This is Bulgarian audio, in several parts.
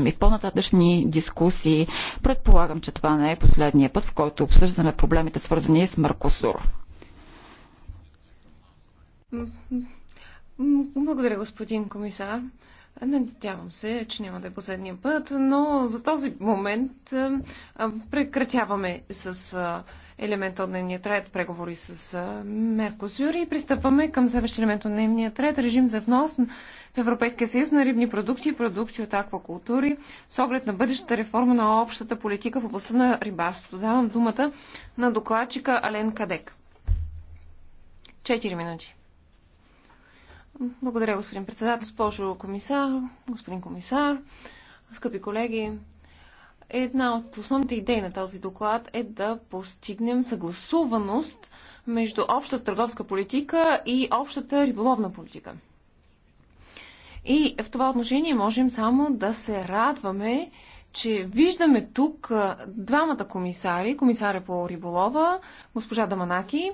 и в по-нататъчни дискусии. Предполагам, че това не е последния път, в който обсъждаме проблемите, свързани с Маркосур. Благодаря, господин комисар. Надявам се, че няма да е последния път, но за този момент прекратяваме с елемент от дневния ред, преговори с Меркосюри. и пристъпваме към следващия елемент от дневния ред, режим за внос в Европейския съюз на рибни продукти и продукти от аквакултури с оглед на бъдещата реформа на общата политика в областта на рибарството. Давам думата на докладчика Ален Кадек. Четири минути. Благодаря, господин председател, госпожо комисар, господин комисар, скъпи колеги. Една от основните идеи на този доклад е да постигнем съгласуваност между общата търговска политика и общата риболовна политика. И в това отношение можем само да се радваме, че виждаме тук двамата комисари, комисаря по риболова, госпожа Даманаки,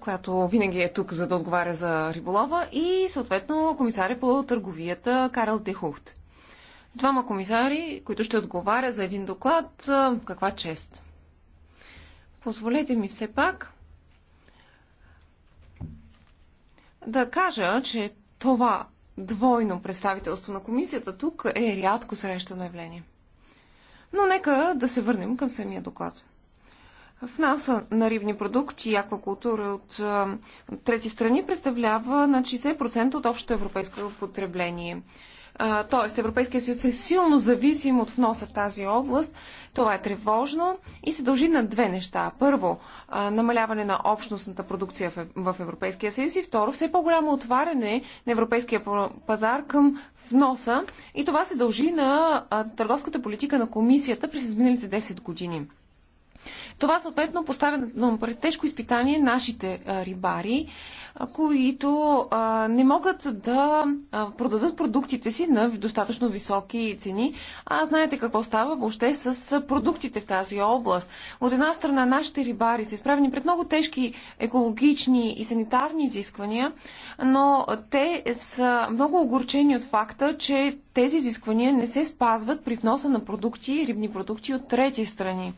която винаги е тук за да отговаря за риболова и съответно комисаря по търговията Карл Дехухт. Двама комисари, които ще отговарят за един доклад. Каква чест! Позволете ми все пак да кажа, че това двойно представителство на комисията тук е рядко срещано явление. Но нека да се върнем към самия доклад. В нас на рибни продукти и аквакултура от, от трети страни представлява на 60% от общото европейско потребление. Тоест Европейския съюз е силно зависим от вноса в тази област. Това е тревожно и се дължи на две неща. Първо, намаляване на общностната продукция в Европейския съюз и второ, все по-голямо отваряне на европейския пазар към вноса и това се дължи на търговската политика на комисията през изминалите 10 години. Това съответно поставя на пред тежко изпитание нашите рибари които не могат да продадат продуктите си на достатъчно високи цени. А знаете какво става въобще с продуктите в тази област. От една страна нашите рибари са изправени пред много тежки екологични и санитарни изисквания, но те са много огорчени от факта, че тези изисквания не се спазват при вноса на продукти, рибни продукти от трети страни.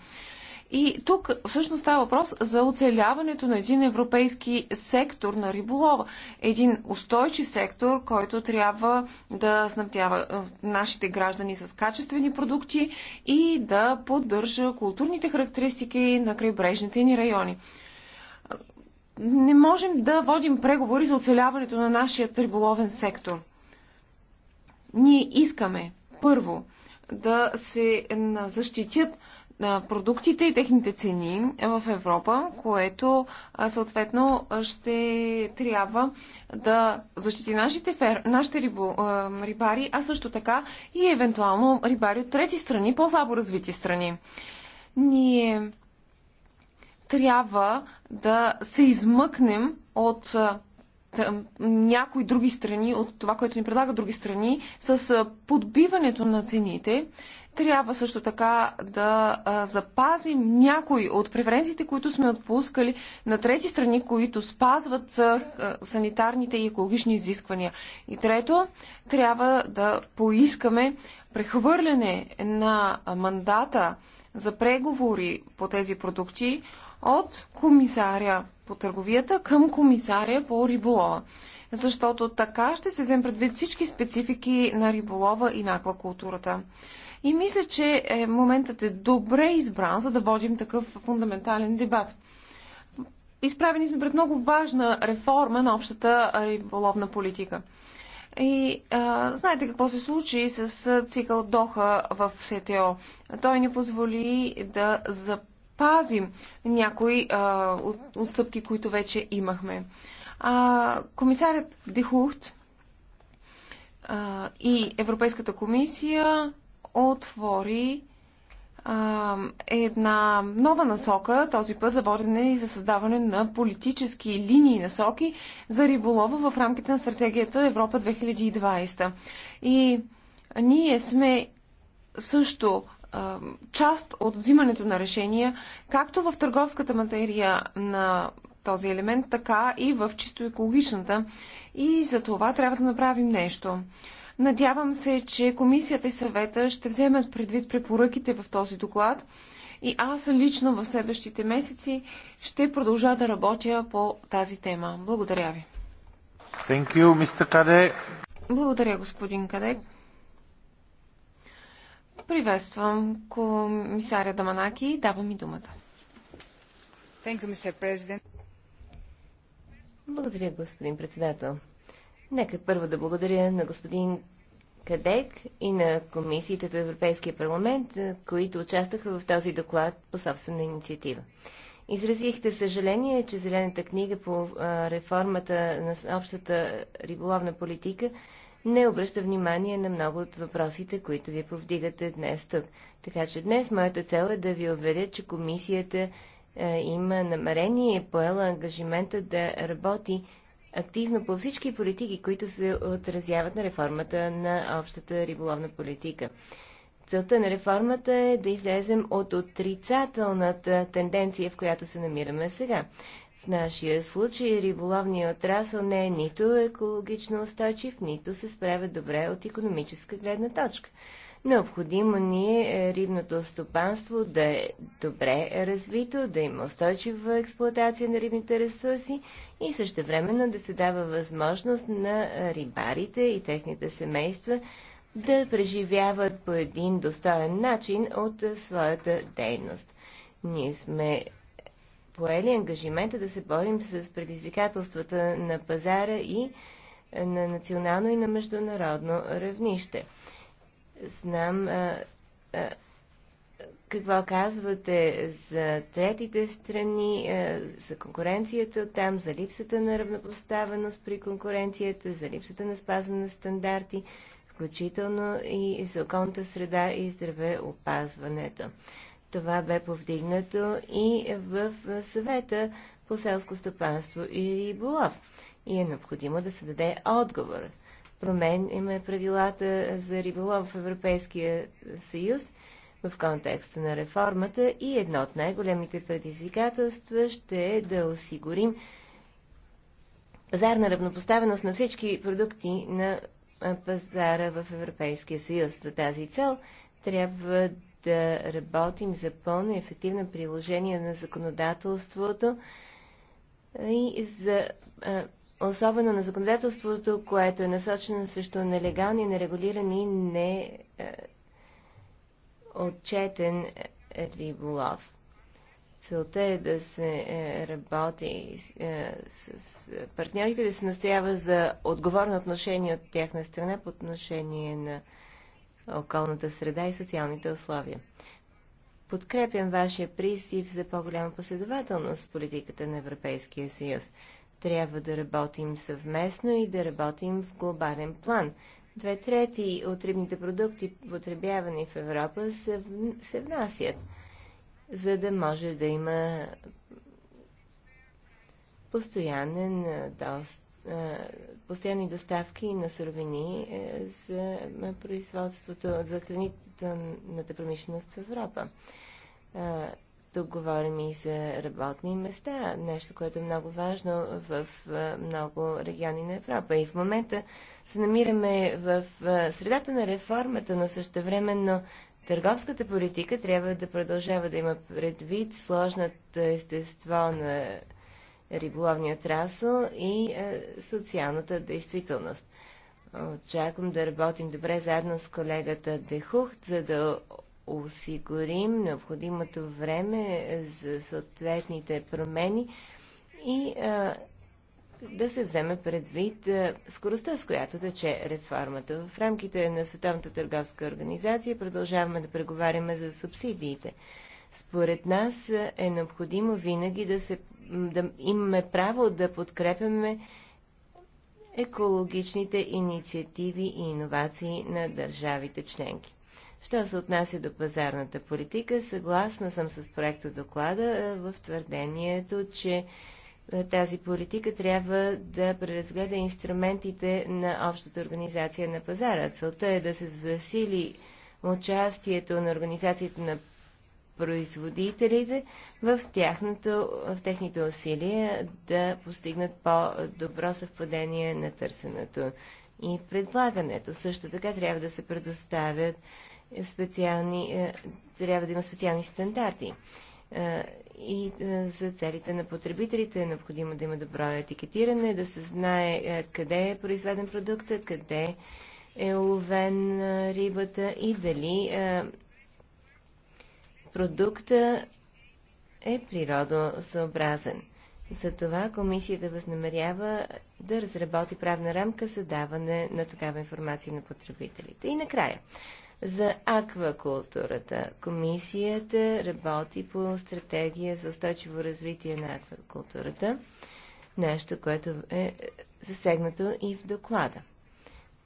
И тук всъщност става въпрос за оцеляването на един европейски сектор на риболова. Един устойчив сектор, който трябва да снабдява е, нашите граждани с качествени продукти и да поддържа културните характеристики на крайбрежните ни райони. Не можем да водим преговори за оцеляването на нашия риболовен сектор. Ние искаме, първо, да се защитят на продуктите и техните цени в Европа, което съответно ще трябва да защити нашите, фер... нашите рибо... рибари, а също така и евентуално рибари от трети страни, по-слабо развити страни. Ние трябва да се измъкнем от някои други страни, от това, което ни предлагат други страни, с подбиването на цените трябва също така да запазим някои от преференциите, които сме отпускали на трети страни, които спазват санитарните и екологични изисквания. И трето, трябва да поискаме прехвърляне на мандата за преговори по тези продукти от комисаря по търговията към комисаря по риболова. Защото така ще се вземе предвид всички специфики на риболова и на аквакултурата. И мисля, че е, моментът е добре избран, за да водим такъв фундаментален дебат. Изправени сме пред много важна реформа на общата риболовна политика. И а, знаете какво се случи с цикъл Доха в СТО. Той ни позволи да запазим някои отстъпки, които вече имахме. А, комисарят Дехухт и Европейската комисия отвори а, една нова насока, този път за водене и за създаване на политически линии насоки за риболова в рамките на стратегията Европа 2020. И ние сме също част от взимането на решения, както в търговската материя на този елемент, така и в чисто екологичната. И за това трябва да направим нещо. Надявам се, че комисията и съвета ще вземат предвид препоръките в този доклад и аз лично в следващите месеци ще продължа да работя по тази тема. Благодаря ви. Thank you, Mr. Kade. Благодаря, господин Каде. Приветствам комисаря Даманаки и давам ми думата. Thank you, Mr. President. Благодаря, господин председател. Нека първо да благодаря на господин КАДЕК и на комисиите в Европейския парламент, които участваха в този доклад по собствена инициатива. Изразихте съжаление, че Зелената книга по реформата на общата риболовна политика не обръща внимание на много от въпросите, които ви повдигате днес тук. Така че днес моята цел е да ви уверя, че комисията е, има намерение и е поела ангажимента да работи активно по всички политики, които се отразяват на реформата на общата риболовна политика. Целта на реформата е да излезем от отрицателната тенденция, в която се намираме сега. В нашия случай риболовният отрасъл не е нито екологично устойчив, нито се справя добре от економическа гледна точка. Необходимо ни е рибното стопанство да е добре развито, да има устойчива експлуатация на рибните ресурси и също времено да се дава възможност на рибарите и техните семейства да преживяват по един достоен начин от своята дейност. Ние сме поели ангажимента да се борим с предизвикателствата на пазара и на национално и на международно равнище знам а, а, какво казвате за третите страни, а, за конкуренцията от там, за липсата на равнопоставеност при конкуренцията, за липсата на спазване на стандарти, включително и за околната среда и здраве опазването. Това бе повдигнато и в съвета по селско стопанство и риболов. И е необходимо да се даде отговор промен има правилата за риболов в Европейския съюз в контекста на реформата и едно от най-големите предизвикателства ще е да осигурим пазарна равнопоставеност на всички продукти на пазара в Европейския съюз. За тази цел трябва да работим за пълно и ефективно приложение на законодателството и за особено на законодателството, което е насочено срещу нелегални, нерегулирани, не е, отчетен е, риболов. Целта е да се е, работи с партньорите, да се настоява за отговорно отношение от тяхна страна по отношение на околната среда и социалните условия. Подкрепям вашия призив за по-голяма последователност в политиката на Европейския съюз. Трябва да работим съвместно и да работим в глобален план. Две трети от рибните продукти, потребявани в Европа, се, се внасят, за да може да има постоянен дост, постоянни доставки на суровини е, за производството, за хранителната промишленост в Европа. Тук говорим и за работни места, нещо, което е много важно в много региони на Европа. И в момента се намираме в средата на реформата, но същевременно търговската политика трябва да продължава да има предвид сложното естество на риболовния отрасъл и социалната действителност. Очаквам да работим добре заедно с колегата Дехухт, за да осигурим необходимото време за съответните промени и да се вземе предвид скоростта, с която тече реформата. В рамките на Световната търговска организация продължаваме да преговаряме за субсидиите. Според нас е необходимо винаги да, се, да имаме право да подкрепяме екологичните инициативи и иновации на държавите членки. Що се отнася до пазарната политика, съгласна съм с проекта доклада е, в твърдението, че е, тази политика трябва да преразгледа инструментите на общата организация на пазара. Целта е да се засили участието на организацията на производителите в, тяхното, в техните усилия да постигнат по-добро съвпадение на търсенето и предлагането. Също така трябва да се предоставят специални, е, трябва да има специални стандарти. Е, и е, за целите на потребителите е необходимо да има добро етикетиране, да се знае къде е произведен продукта, къде е уловен рибата и дали продукта е природосъобразен. Затова комисията възнамерява да разработи правна рамка за даване на такава информация на потребителите. И накрая, за аквакултурата. Комисията работи по стратегия за устойчиво развитие на аквакултурата, нещо, което е засегнато и в доклада.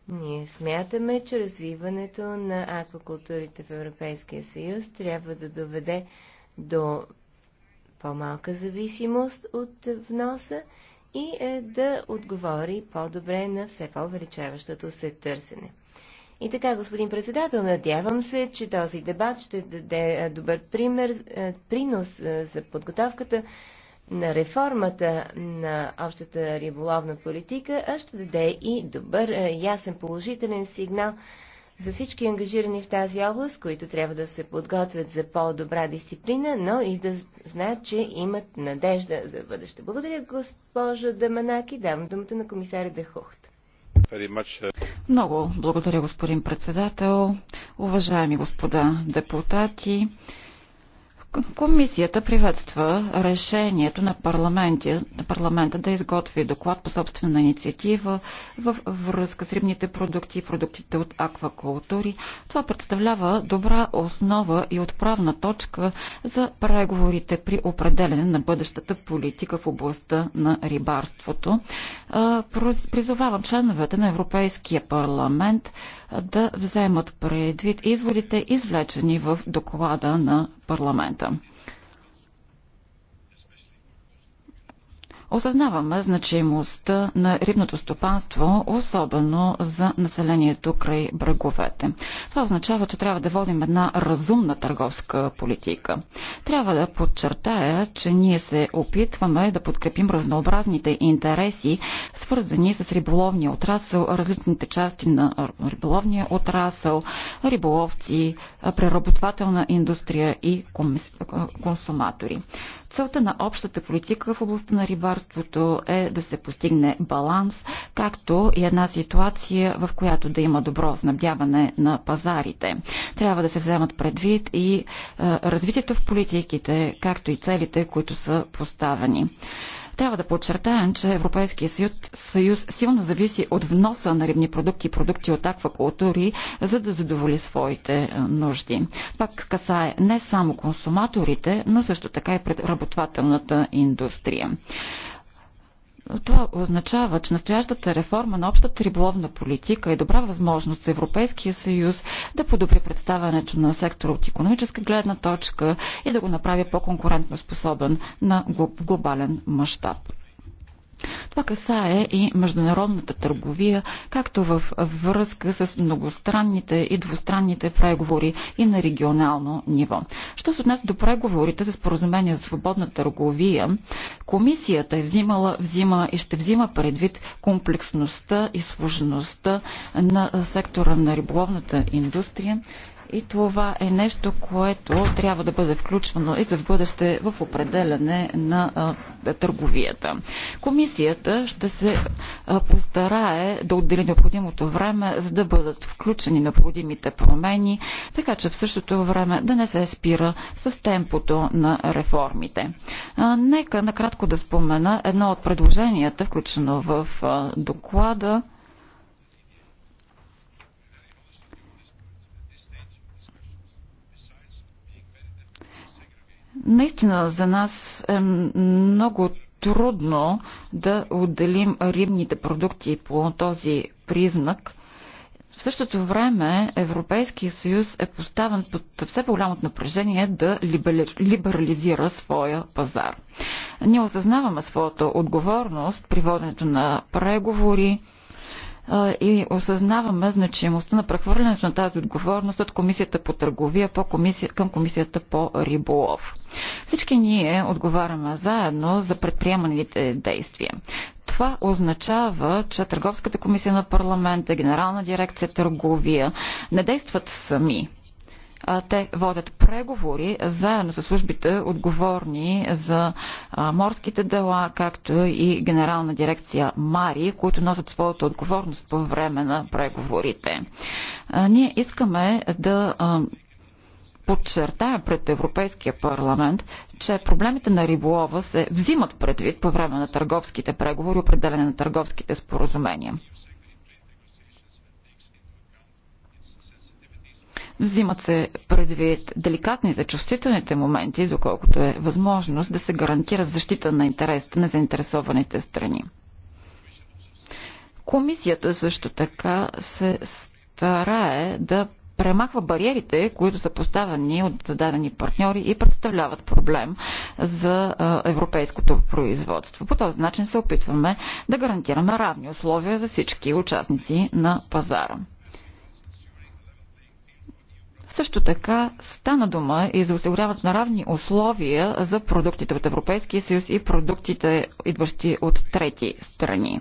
Ние смятаме, че развиването на аквакултурите в Европейския съюз трябва да доведе до по-малка зависимост от вноса и е да отговори по-добре на все по-увеличаващото се търсене. И така, господин председател, надявам се, че този дебат ще даде добър пример, принос за подготовката на реформата на общата риболовна политика, а ще даде и добър, ясен, положителен сигнал за всички ангажирани в тази област, които трябва да се подготвят за по-добра дисциплина, но и да знаят, че имат надежда за бъдеще. Благодаря, госпожо Даманаки. Давам думата на комисаря Дехухт. Uh, Много благодаря, господин председател. Уважаеми господа депутати, Комисията приветства решението на парламента, на парламента да изготви доклад по собствена инициатива в връзка с рибните продукти и продуктите от аквакултури. Това представлява добра основа и отправна точка за преговорите при определене на бъдещата политика в областта на рибарството. Призовавам членовете на Европейския парламент да вземат предвид изводите, извлечени в доклада на парламента. Осъзнаваме значимостта на рибното стопанство, особено за населението край бреговете. Това означава, че трябва да водим една разумна търговска политика. Трябва да подчертая, че ние се опитваме да подкрепим разнообразните интереси, свързани с риболовния отрасъл, различните части на риболовния отрасъл, риболовци, преработвателна индустрия и консуматори. Целта на общата политика в областта на рибарството е да се постигне баланс, както и една ситуация, в която да има добро снабдяване на пазарите. Трябва да се вземат предвид и е, развитието в политиките, както и целите, които са поставени. Трябва да подчертаем, че Европейския съюз, съюз силно зависи от вноса на рибни продукти и продукти от аквакултури, за да задоволи своите е, нужди. Пак касае не само консуматорите, но също така и предработвателната индустрия. Това означава, че настоящата реформа на общата риболовна политика е добра възможност за Европейския съюз да подобри представянето на сектора от економическа гледна точка и да го направи по-конкурентно способен на глобален мащаб. Това касае и международната търговия, както в връзка с многостранните и двустранните преговори и на регионално ниво. Що се отнася до преговорите за споразумение за свободна търговия, комисията е взимала, взима и ще взима предвид комплексността и сложността на сектора на риболовната индустрия, и това е нещо, което трябва да бъде включвано и за в бъдеще в определене на търговията. Комисията ще се постарае да отдели необходимото време, за да бъдат включени необходимите промени, така че в същото време да не се спира с темпото на реформите. нека накратко да спомена едно от предложенията, включено в доклада Наистина за нас е много трудно да отделим рибните продукти по този признак. В същото време Европейския съюз е поставен под все по-голямо напрежение да либерализира своя пазар. Ние осъзнаваме своята отговорност при воденето на преговори, и осъзнаваме значимостта на прехвърлянето на тази отговорност от Комисията по търговия по комисия, към Комисията по риболов. Всички ние отговаряме заедно за предприеманите действия. Това означава, че Търговската комисия на парламента, Генерална дирекция търговия не действат сами. Те водят преговори заедно с службите отговорни за морските дела, както и генерална дирекция Мари, които носят своята отговорност по време на преговорите. Ние искаме да подчертая пред Европейския парламент, че проблемите на риболова се взимат предвид по време на търговските преговори, определене на търговските споразумения. Взимат се предвид деликатните, чувствителните моменти, доколкото е възможност да се гарантира защита на интересите на заинтересованите страни. Комисията също така се старае да премахва бариерите, които са поставени от дадени партньори и представляват проблем за европейското производство. По този начин се опитваме да гарантираме равни условия за всички участници на пазара. Също така стана дума и за осигуряването на равни условия за продуктите от Европейския съюз и продуктите, идващи от трети страни.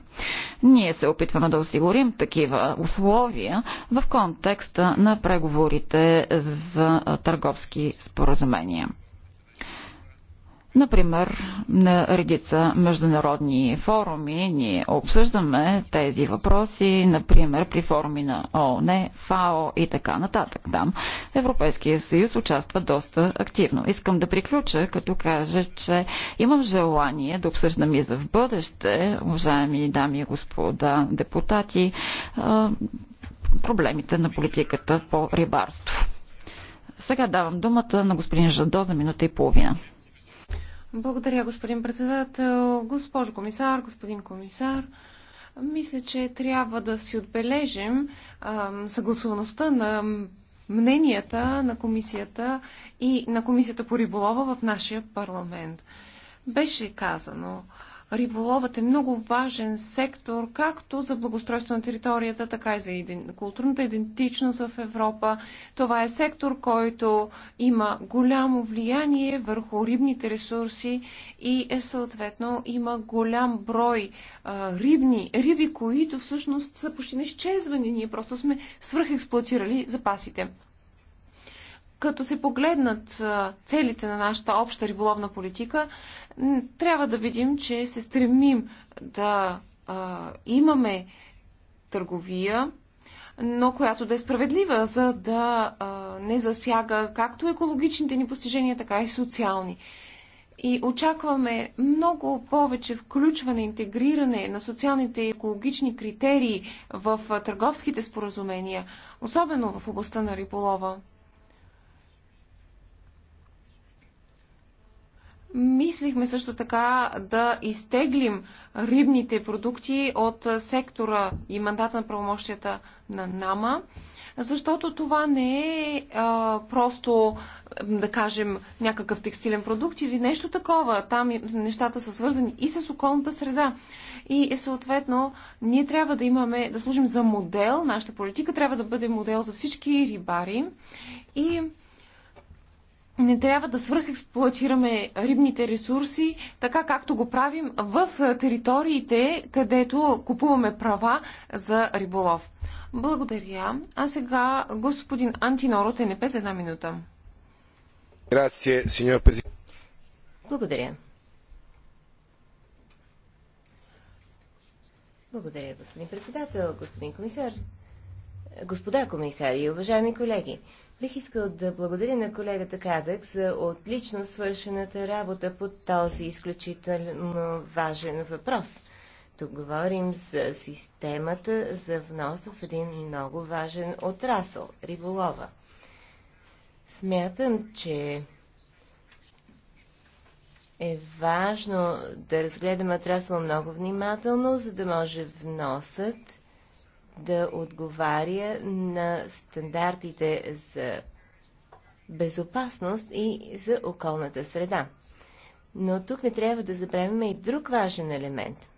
Ние се опитваме да осигурим такива условия в контекста на преговорите за търговски споразумения. Например, на редица международни форуми ние обсъждаме тези въпроси, например при форуми на ООН, ФАО и така нататък. Там Европейския съюз участва доста активно. Искам да приключа, като кажа, че имам желание да обсъждам и за в бъдеще, уважаеми дами и господа депутати, проблемите на политиката по рибарство. Сега давам думата на господин Жадо за минута и половина. Благодаря, господин председател, госпожо комисар, господин комисар. Мисля, че трябва да си отбележим съгласуваността на мненията на комисията и на комисията по риболова в нашия парламент. Беше казано, а, риболовът е много важен сектор, както за благоустройство на територията, така и за културната идентичност в Европа. Това е сектор, който има голямо влияние върху рибните ресурси и е съответно има голям брой а, рибни, риби, които всъщност са почти неизчезвани. Ние просто сме свръхексплуатирали запасите като се погледнат целите на нашата обща риболовна политика, трябва да видим, че се стремим да а, имаме търговия, но която да е справедлива, за да а, не засяга както екологичните ни постижения, така и социални. И очакваме много повече включване, интегриране на социалните и екологични критерии в търговските споразумения, особено в областта на риболова. Мислихме също така да изтеглим рибните продукти от сектора и мандата на правомощията на НАМА, защото това не е а, просто, да кажем, някакъв текстилен продукт или нещо такова. Там нещата са свързани и с околната среда. И е, съответно, ние трябва да имаме, да служим за модел. Нашата политика трябва да бъде модел за всички рибари. И не трябва да свръхексплуатираме рибните ресурси, така както го правим в териториите, където купуваме права за риболов. Благодаря. А сега господин Антиноро ТНП за една минута. Благодаря. Благодаря, господин председател, господин комисар, господа комисари и уважаеми колеги. Бих искал да благодаря на колегата Кадък за отлично свършената работа по този изключително важен въпрос. Тук говорим за системата за внос в един много важен отрасъл – риболова. Смятам, че е важно да разгледаме отрасъл много внимателно, за да може вносът да отговаря на стандартите за безопасност и за околната среда. Но тук не трябва да забравяме и друг важен елемент.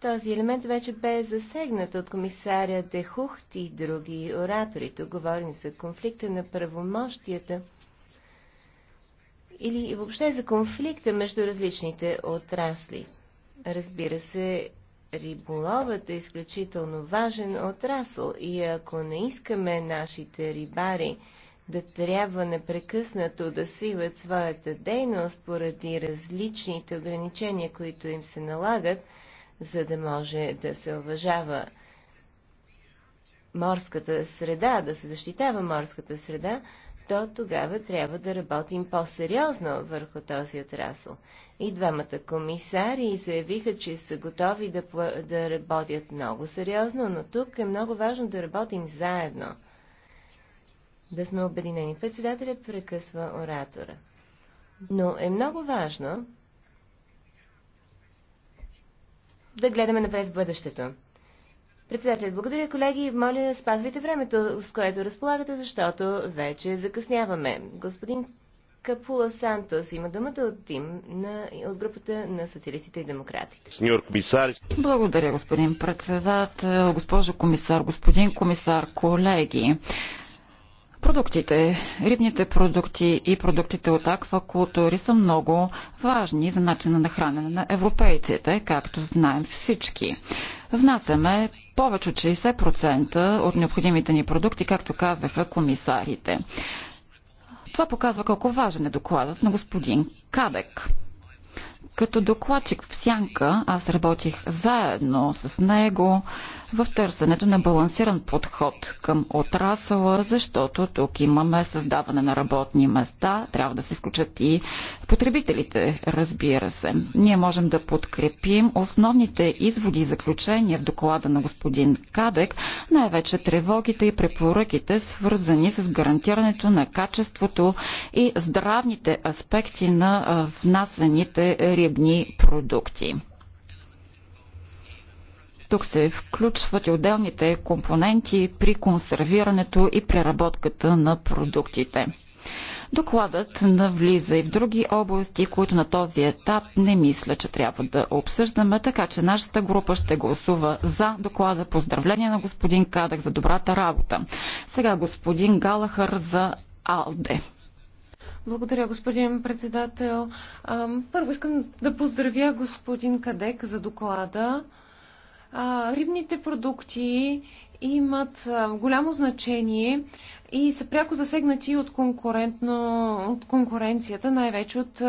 Този елемент вече бе засегнат от комисаря Дехухт и други оратори. Тук говорим за конфликта на правомощията – или въобще за конфликта между различните отрасли. Разбира се, риболовът е изключително важен отрасъл и ако не искаме нашите рибари да трябва непрекъснато да свиват своята дейност поради различните ограничения, които им се налагат, за да може да се уважава морската среда, да се защитава морската среда, то тогава трябва да работим по-сериозно върху този отрасъл. И двамата комисари заявиха, че са готови да, да работят много сериозно, но тук е много важно да работим заедно. Да сме обединени. Председателят прекъсва оратора. Но е много важно да гледаме напред в бъдещето. Председателят, благодаря колеги. Моля, спазвайте времето, с което разполагате, защото вече закъсняваме. Господин Капула Сантос има думата от тим на, от групата на социалистите и демократите. Благодаря, господин председател, госпожо комисар, господин комисар, колеги. Продуктите, рибните продукти и продуктите от аквакултури са много важни за начина на хранене на европейците, както знаем всички. Внасяме повече от 60% от необходимите ни продукти, както казаха комисарите. Това показва колко важен е докладът на господин Кадек. Като докладчик в Сянка, аз работих заедно с него в търсенето на балансиран подход към отрасъла, защото тук имаме създаване на работни места, трябва да се включат и потребителите, разбира се. Ние можем да подкрепим основните изводи и заключения в доклада на господин Кадек, най-вече тревогите и препоръките, свързани с гарантирането на качеството и здравните аспекти на внасените рибни продукти. Тук се включват и отделните компоненти при консервирането и преработката на продуктите. Докладът навлиза и в други области, които на този етап не мисля, че трябва да обсъждаме, така че нашата група ще гласува за доклада. Поздравление на господин Кадък за добрата работа. Сега господин Галахър за Алде. Благодаря, господин председател. Първо искам да поздравя господин Кадек за доклада. Рибните продукти имат голямо значение и са пряко засегнати от, от конкуренцията, най-вече от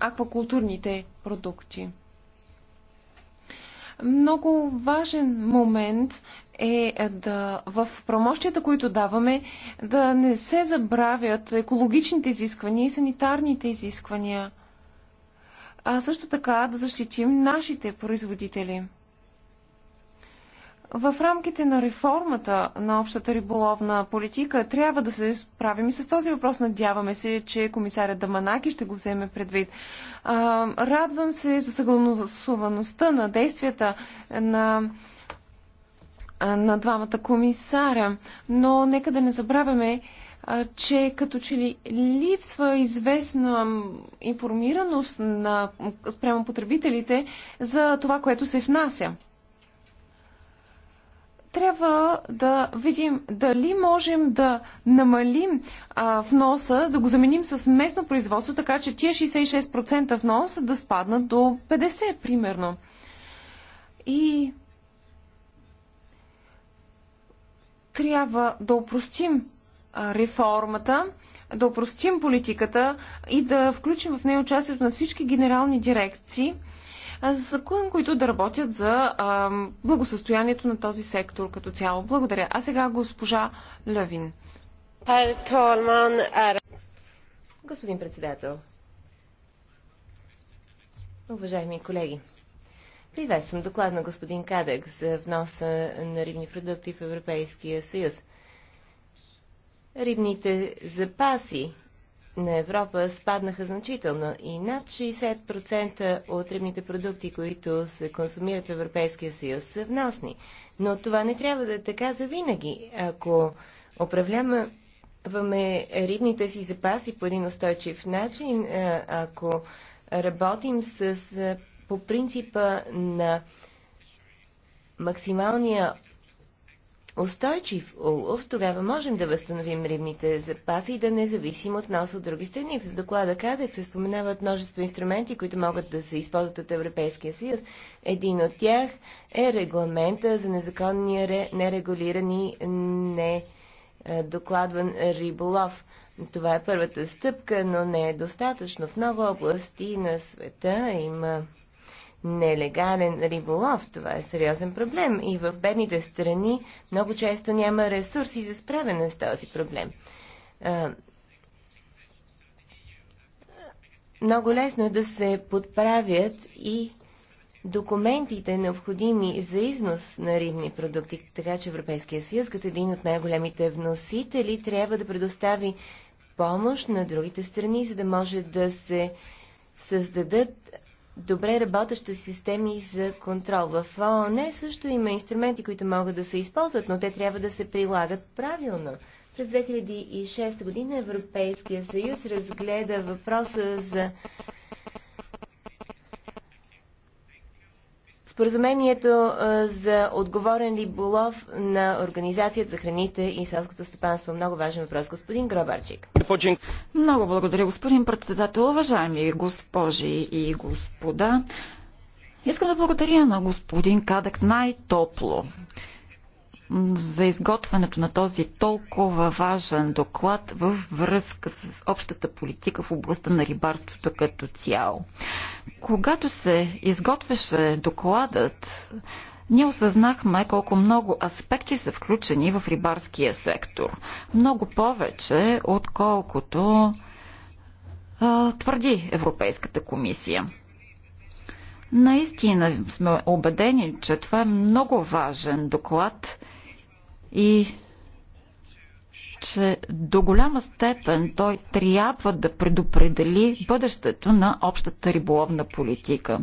аквакултурните продукти. Много важен момент е, е да в промощията, които даваме, да не се забравят екологичните изисквания и санитарните изисквания, а също така да защитим нашите производители. В рамките на реформата на общата риболовна политика трябва да се справим и с този въпрос. Надяваме се, че комисарят Даманаки ще го вземе предвид. радвам се за съгласуваността на действията на на двамата комисара. Но нека да не забравяме, че като че ли липсва известна информираност на, спрямо потребителите за това, което се внася. Трябва да видим дали можем да намалим а, вноса, да го заменим с местно производство, така че тия 66% внос да спаднат до 50% примерно. И трябва да опростим реформата, да опростим политиката и да включим в нея участието на всички генерални дирекции, за които да работят за благосъстоянието на този сектор като цяло. Благодаря. А сега госпожа Лъвин. Господин председател, уважаеми колеги, Приветствам доклад на господин Кадек за вноса на рибни продукти в Европейския съюз. Рибните запаси на Европа спаднаха значително и над 60% от рибните продукти, които се консумират в Европейския съюз, са вносни. Но това не трябва да е така завинаги. Ако управляваме рибните си запаси по един устойчив начин, ако работим с по принципа на максималния устойчив улов, тогава можем да възстановим рибните запаси и да не зависим от нас от други страни. В доклада КАДЕК се споменават множество инструменти, които могат да се използват от Европейския съюз. Един от тях е регламента за незаконния, нерегулирани не е, докладван риболов. Това е първата стъпка, но не е достатъчно. В много области на света има нелегален риболов. Това е сериозен проблем и в бедните страни много често няма ресурси за справяне с този проблем. Много лесно е да се подправят и документите необходими за износ на рибни продукти, така че Европейския съюз като един от най-големите вносители трябва да предостави помощ на другите страни, за да може да се създадат добре работещи системи за контрол. В ООН също има инструменти, които могат да се използват, но те трябва да се прилагат правилно. През 2006 година Европейския съюз разгледа въпроса за Споразумението за отговорен риболов на Организацията за храните и селското стопанство. Много важен въпрос, господин Гробарчик. Много благодаря, господин председател. Уважаеми госпожи и господа, искам да благодаря на господин Кадък най-топло за изготвянето на този толкова важен доклад във връзка с общата политика в областта на рибарството като цяло. Когато се изготвяше докладът, ние осъзнахме колко много аспекти са включени в рибарския сектор. Много повече, отколкото а, твърди Европейската комисия. Наистина сме убедени, че това е много важен доклад – и че до голяма степен той трябва да предопредели бъдещето на общата риболовна политика.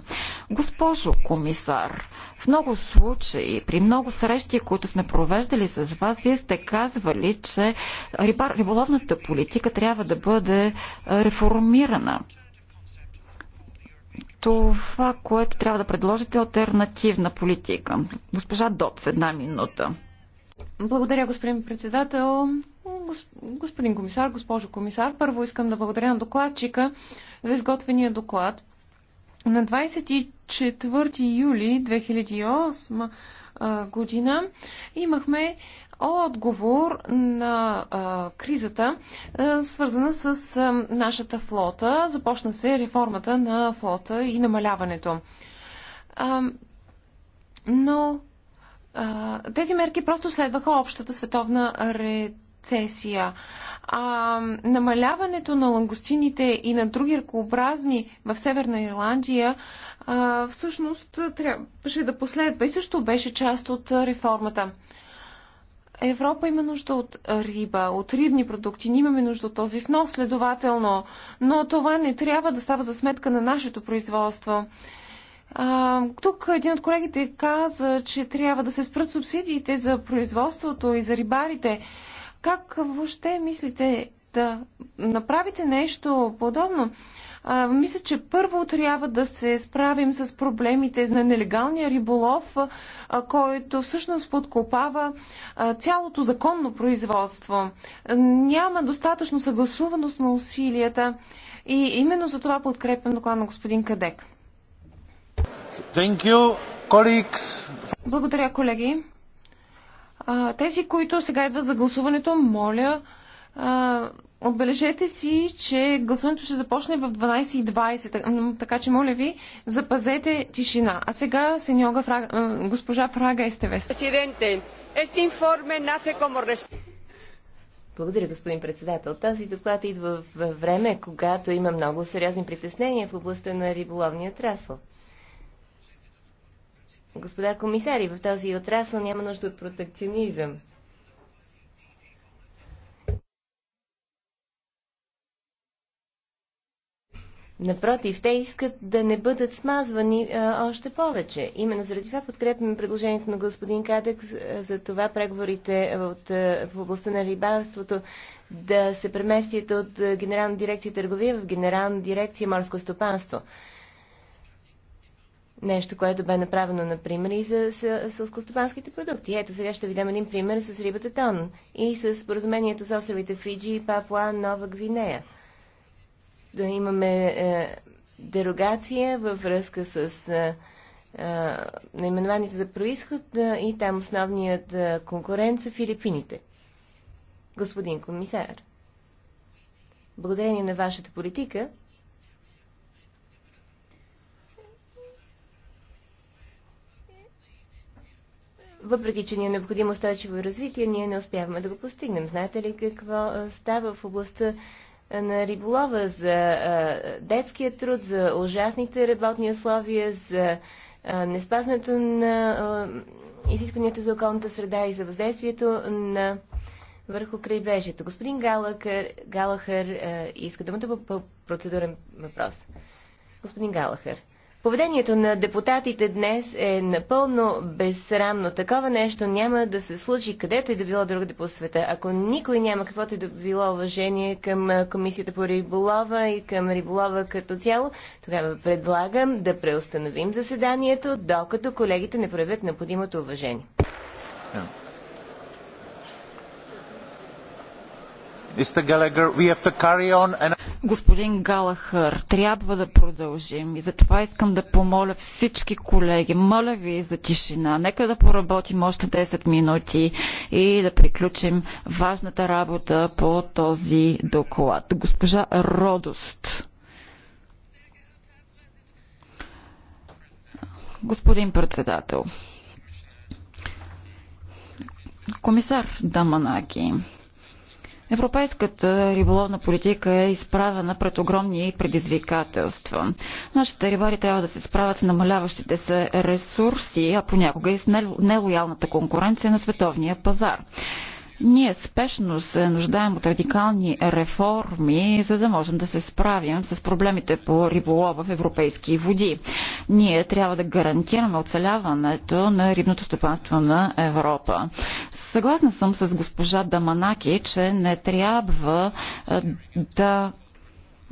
Госпожо комисар, в много случаи, при много срещи, които сме провеждали с вас, вие сте казвали, че риболовната политика трябва да бъде е, реформирана това, което трябва да предложите е альтернативна политика. Госпожа Доц, една минута. Благодаря, господин председател. Господин комисар, госпожо комисар, първо искам да благодаря на докладчика за изготвения доклад. На 24 юли 2008 година имахме отговор на а, кризата, а, свързана с а, нашата флота. Започна се реформата на флота и намаляването. А, но тези мерки просто следваха общата световна рецесия. А, намаляването на лангостините и на други ръкообразни в Северна Ирландия а, всъщност трябваше да последва и също беше част от реформата. Европа има нужда от риба, от рибни продукти. Ние имаме нужда от този внос, следователно. Но това не трябва да става за сметка на нашето производство. А, тук един от колегите каза, че трябва да се спрат субсидиите за производството и за рибарите. Как въобще мислите да направите нещо подобно? А, мисля, че първо трябва да се справим с проблемите на нелегалния риболов, а, който всъщност подкопава а, цялото законно производство. Няма достатъчно съгласуваност на усилията и именно за това подкрепям доклад на господин Кадек. You, Благодаря, колеги. Тези, които сега идват за гласуването, моля, отбележете си, че гласуването ще започне в 12.20, така че моля ви, запазете тишина. А сега сеньога Фрага, госпожа Фрага Естевес. Благодаря, господин председател. Този доклад идва в време, когато има много сериозни притеснения в областта на риболовния трасъл. Господа комисари, в този отрасъл няма нужда от протекционизъм. Напротив, те искат да не бъдат смазвани а, още повече. Именно заради това подкрепяме предложението на господин Кадък за това преговорите от, в областта на рибарството да се преместят от Генерална дирекция търговия в Генерална дирекция морско стопанство. Нещо, което бе направено, например, и за сълскостопанските продукти. Ето, сега ще ви дам един пример с рибата тон и с споразумението с островите Фиджи и Папуа Нова Гвинея. Да имаме е, дерогация във връзка с е, е, наименованието за происход е, и там основният е, конкурент са Филипините. Господин комисар, благодарение на вашата политика, въпреки че ни е необходимо устойчиво развитие, ние не успяваме да го постигнем. Знаете ли какво става в областта на риболова, за детския труд, за ужасните работни условия, за неспазването на изискванията за околната среда и за въздействието на върху крайбрежието. Господин Галахър, Галахър иска му по процедурен въпрос. Господин Галахър. Поведението на депутатите днес е напълно безсрамно. Такова нещо няма да се случи където и да било другаде по света. Ако никой няма каквото и да било уважение към Комисията по риболова и към риболова като цяло, тогава предлагам да преустановим заседанието, докато колегите не проявят необходимото уважение. Mr. we have to carry on and господин Галахър. Трябва да продължим и затова искам да помоля всички колеги, моля ви за тишина, нека да поработим още 10 минути и да приключим важната работа по този доклад. Госпожа Родост. Господин председател, комисар Даманаки, Европейската риболовна политика е изправена пред огромни предизвикателства. Нашите рибари трябва да се справят с намаляващите се ресурси, а понякога и с нелоялната конкуренция на световния пазар. Ние спешно се нуждаем от радикални реформи, за да можем да се справим с проблемите по риболова в европейски води. Ние трябва да гарантираме оцеляването на рибното стопанство на Европа. Съгласна съм с госпожа Даманаки, че не трябва да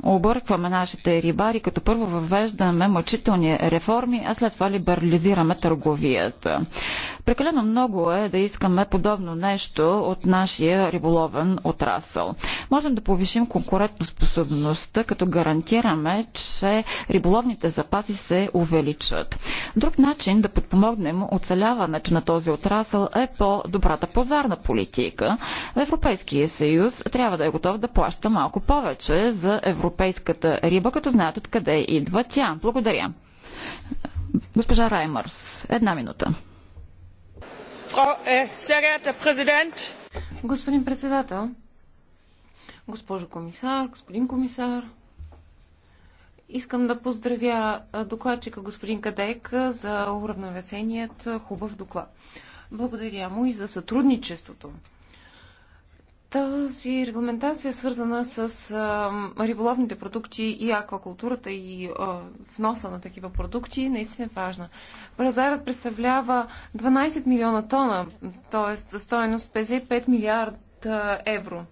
объркваме нашите рибари, като първо въвеждаме мъчителни реформи, а след това либерализираме търговията. Прекалено много е да искаме подобно нещо от нашия риболовен отрасъл. Можем да повишим конкурентоспособността, като гарантираме, че риболовните запаси се увеличат. Друг начин да подпомогнем оцеляването на този отрасъл е по-добрата пазарна политика. В Европейския съюз трябва да е готов да плаща малко повече за европейската риба, като знаят откъде идва тя. Благодаря. Госпожа Раймърс, една минута. Äh, господин председател, госпожо комисар, господин комисар, искам да поздравя докладчика господин Кадек за уравновесеният хубав доклад. Благодаря му и за сътрудничеството. Тази регламентация е свързана с а, риболовните продукти и аквакултурата и а, вноса на такива продукти наистина е важна. Пазарът представлява 12 милиона тона, т.е. стоеност 55 милиард евро.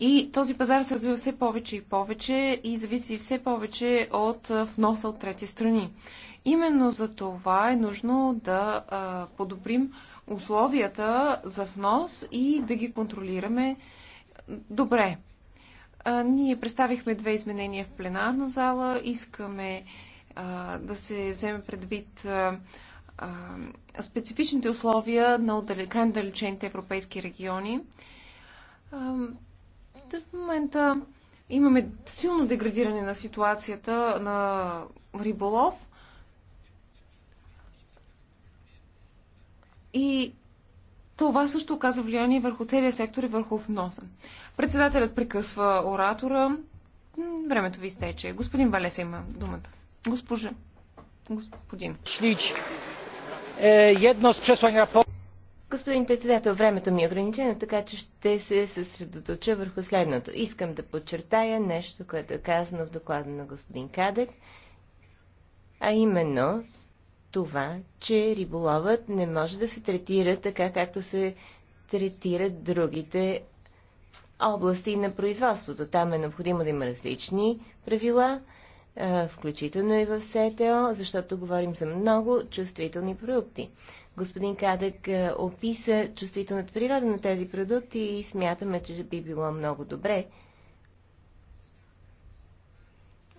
И този пазар се развива все повече и повече и зависи все повече от вноса от трети страни. Именно за това е нужно да а, подобрим условията за внос и да ги контролираме добре. ние представихме две изменения в пленарна зала. Искаме да се вземе предвид специфичните условия на крайно далечените европейски региони. в момента имаме силно деградиране на ситуацията на риболов – И това също оказва влияние върху целия сектор и върху вноса. Председателят прекъсва оратора. Времето ви изтече. Господин Валеса има думата. Госпожа. Господин. Шлич. Е, едно с чесвания по... Господин председател, времето ми е ограничено, така че ще се съсредоточа върху следното. Искам да подчертая нещо, което е казано в доклада на господин Кадек, а именно, това, че риболовът не може да се третира така, както се третират другите области на производството. Там е необходимо да има различни правила, включително и в СТО, защото говорим за много чувствителни продукти. Господин Кадък описа чувствителната природа на тези продукти и смятаме, че би било много добре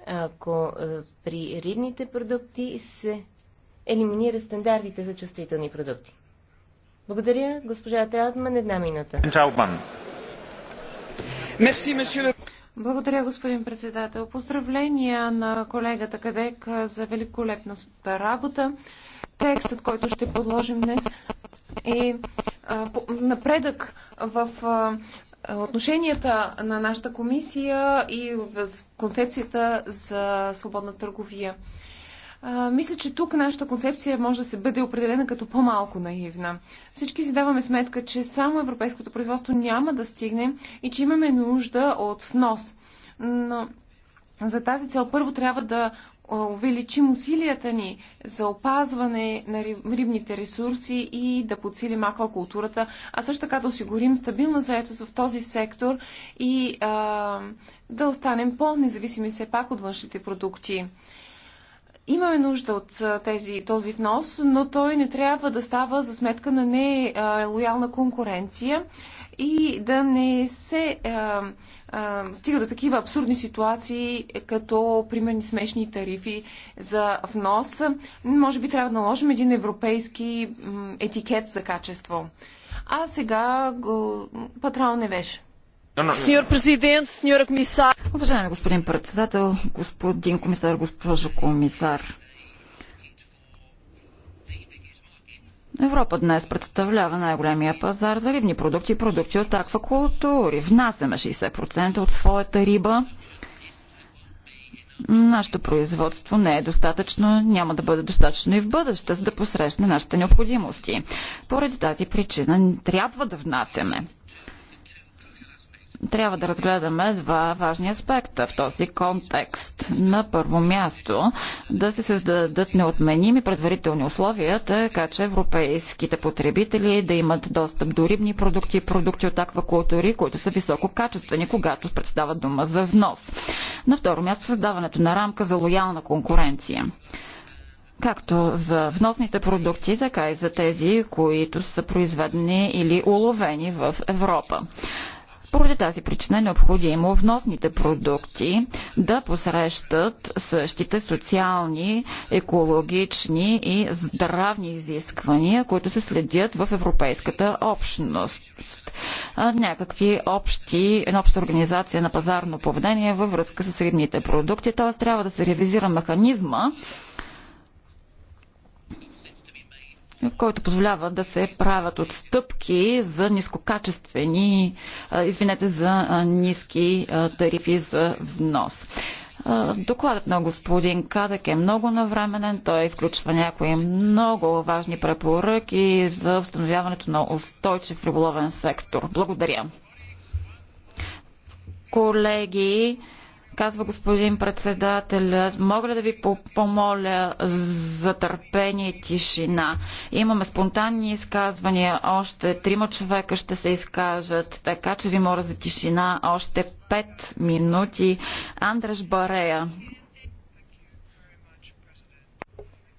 ако при рибните продукти се Елиминира стандартите за чувствителни продукти. Благодаря, госпожа Траутман. Една минута. Благодаря, господин председател. Поздравления на колегата Кадек за великолепната работа. Текстът, който ще подложим днес, е напредък в отношенията на нашата комисия и концепцията за свободна търговия. А, мисля, че тук нашата концепция може да се бъде определена като по-малко наивна. Всички си даваме сметка, че само европейското производство няма да стигне и че имаме нужда от внос. Но за тази цел първо трябва да увеличим усилията ни за опазване на рибните ресурси и да подсилим аквакултурата, а също така да осигурим стабилна заетост в този сектор и а, да останем по-независими все пак от външните продукти. Имаме нужда от тези, този внос, но той не трябва да става за сметка на нелоялна конкуренция и да не се а, а, стига до такива абсурдни ситуации, като примерни смешни тарифи за внос. Може би трябва да наложим един европейски етикет за качество. А сега го... патрал не беше. Сеньор президент, сеньора комисар. Уважаеми господин председател, господин комисар, госпожо комисар. Европа днес представлява най-големия пазар за рибни продукти и продукти от аквакултури. Внасяме 60% от своята риба. Нашето производство не е достатъчно, няма да бъде достатъчно и в бъдеще, за да посрещне нашите необходимости. Поради тази причина трябва да внасяме трябва да разгледаме два важни аспекта в този контекст. На първо място да се създадат неотменими предварителни условия, така че европейските потребители да имат достъп до рибни продукти и продукти от аквакултури, които са висококачествени, когато представят дума за внос. На второ място създаването на рамка за лоялна конкуренция както за вносните продукти, така и за тези, които са произведени или уловени в Европа. Поради тази причина е необходимо вносните продукти да посрещат същите социални, екологични и здравни изисквания, които се следят в Европейската общност. Някакви общи, една обща организация на пазарно поведение във връзка с средните продукти, т.е. трябва да се ревизира механизма, който позволява да се правят отстъпки за нискокачествени, извинете, за ниски тарифи за внос. Докладът на господин Кадък е много навременен. Той включва някои много важни препоръки за установяването на устойчив риболовен сектор. Благодаря. Колеги, казва господин председателя. Мога да ви помоля за търпение и тишина? Имаме спонтанни изказвания. Още трима човека ще се изкажат, така че ви моля за тишина. Още пет минути. Андреш Барея.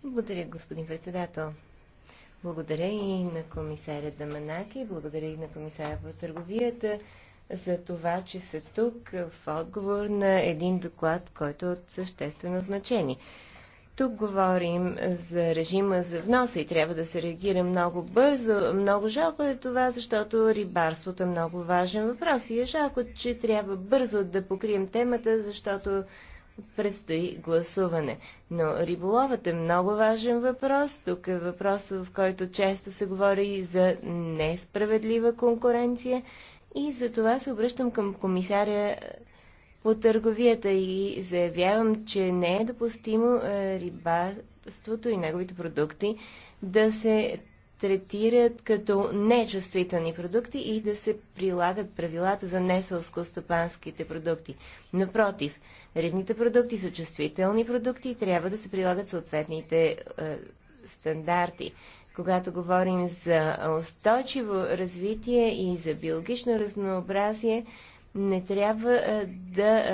Благодаря, господин председател. Благодаря и на комисаря Даманаки, благодаря и на комисаря по търговията за това, че са тук в отговор на един доклад, който е от съществено значение. Тук говорим за режима за вноса и трябва да се реагира много бързо. Много жалко е това, защото рибарството е много важен въпрос и е жалко, че трябва бързо да покрием темата, защото предстои гласуване. Но риболовът е много важен въпрос. Тук е въпрос, в който често се говори и за несправедлива конкуренция и за това се обръщам към комисаря по е, търговията и заявявам, че не е допустимо е, рибарството и неговите продукти да се третират като нечувствителни продукти и да се прилагат правилата за несълскостопанските стопанските продукти. Напротив, рибните продукти са чувствителни продукти и трябва да се прилагат съответните е, стандарти когато говорим за устойчиво развитие и за биологично разнообразие, не трябва да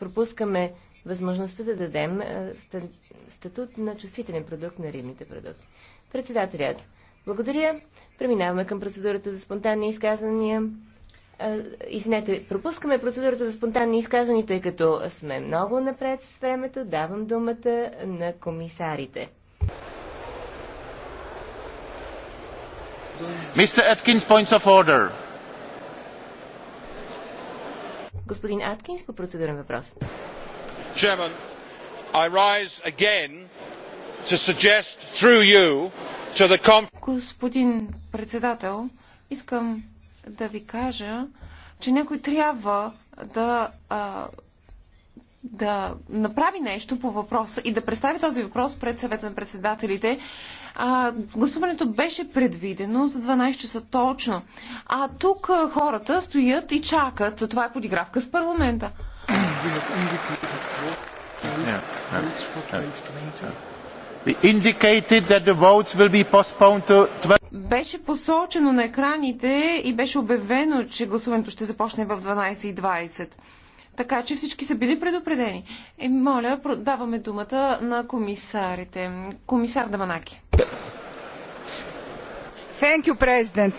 пропускаме възможността да дадем статут на чувствителен продукт на рибните продукти. Председателят, благодаря. Преминаваме към процедурата за спонтанни изказвания. Извинете, пропускаме процедурата за спонтанни изказвания, тъй като сме много напред с времето. Давам думата на комисарите. Mr. Atkins, points of order. Господин Аткинс по процедурен въпрос. Chairman, I rise again to suggest through you to the Господин председател, искам да ви кажа, че някой трябва да а, да направи нещо по въпроса и да представи този въпрос пред съвета на председателите. А, гласуването беше предвидено за 12 часа точно. А тук а, хората стоят и чакат. Това е подигравка с парламента. Беше посочено на екраните и беше обявено, че гласуването ще започне в 12.20. Така че всички са били предупредени. Е, моля, даваме думата на комисарите. Комисар Даванаки. Thank you, President.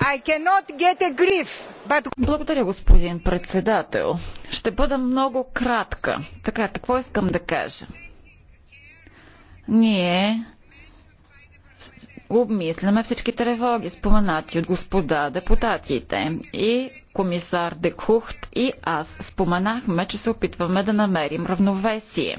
I cannot get a grief, but... Благодаря, господин председател. Ще бъда много кратка. Така, какво искам да кажа? Ние обмисляме всички тревоги, споменати от господа депутатите. И комисар Декухт и аз споменахме, че се опитваме да намерим равновесие.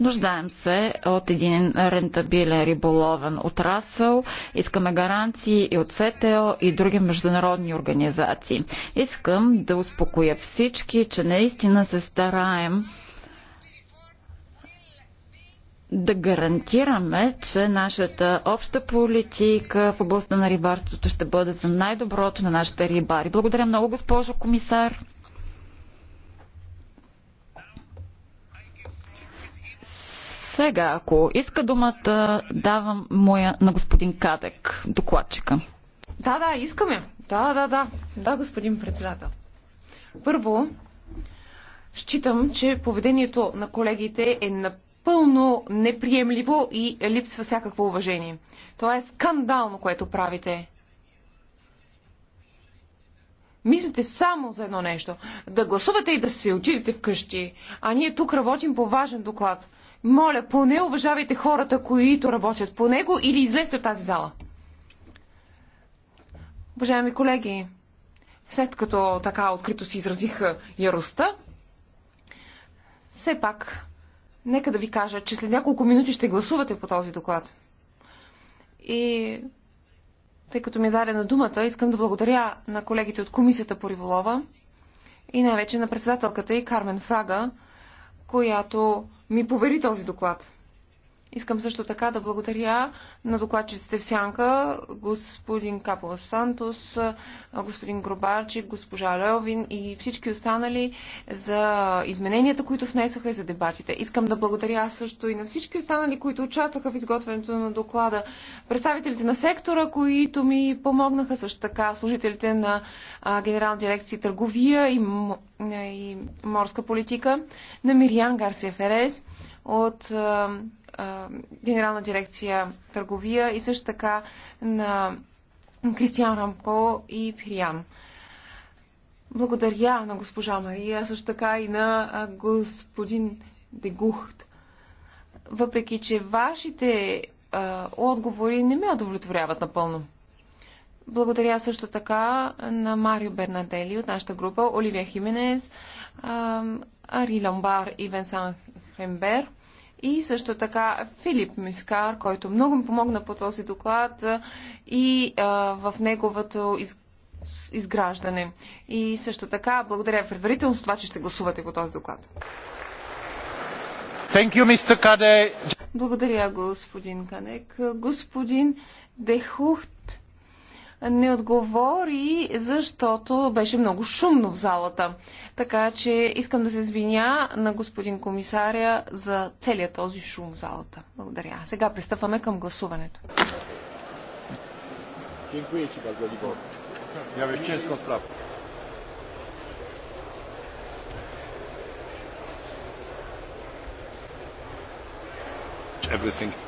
Нуждаем се от един рентабилен риболовен отрасъл, искаме гаранции и от СТО и други международни организации. Искам да успокоя всички, че наистина се стараем да гарантираме, че нашата обща политика в областта на рибарството ще бъде за най-доброто на нашите рибари. Благодаря много, госпожо комисар. Сега, ако иска думата, давам моя на господин Кадек, докладчика. Да, да, искаме. Да, да, да. Да, господин председател. Първо, считам, че поведението на колегите е напълно напълно неприемливо и липсва всякакво уважение. Това е скандално, което правите. Мислите само за едно нещо. Да гласувате и да се отидете вкъщи. А ние тук работим по важен доклад. Моля, поне уважавайте хората, които работят по него или излезте от тази зала. Уважаеми колеги, след като така открито си изразих яростта, все пак нека да ви кажа, че след няколко минути ще гласувате по този доклад. И тъй като ми е дадена думата, искам да благодаря на колегите от Комисията по риболова и най-вече на председателката и Кармен Фрага, която ми повери този доклад. Искам също така да благодаря на докладчиците в Сянка, господин Капова Сантос, господин Гробарчик, госпожа Левин и всички останали за измененията, които внесаха и за дебатите. Искам да благодаря също и на всички останали, които участваха в изготвянето на доклада, представителите на сектора, които ми помогнаха също така, служителите на Генерална дирекция търговия и, и морска политика, на Мириан Гарсия Ферес от Генерална дирекция търговия и също така на Кристиан Рамко и Пириан. Благодаря на госпожа Мария, също така и на господин Дегухт. Въпреки, че вашите а, отговори не ме удовлетворяват напълно. Благодаря също така на Марио Бернадели от нашата група, Оливия Хименес, Ари Ломбар и Венсан Хембер и също така Филип Мискар, който много ми помогна по този доклад и а, в неговото из, изграждане. И също така благодаря предварително за това, че ще гласувате по този доклад. Thank you, Mr. Kade. Благодаря, господин Канек. Господин Дехухт не отговори, защото беше много шумно в залата. Така че искам да се извиня на господин комисаря за целият този шум в залата. Благодаря. Сега пристъпваме към гласуването. Everything.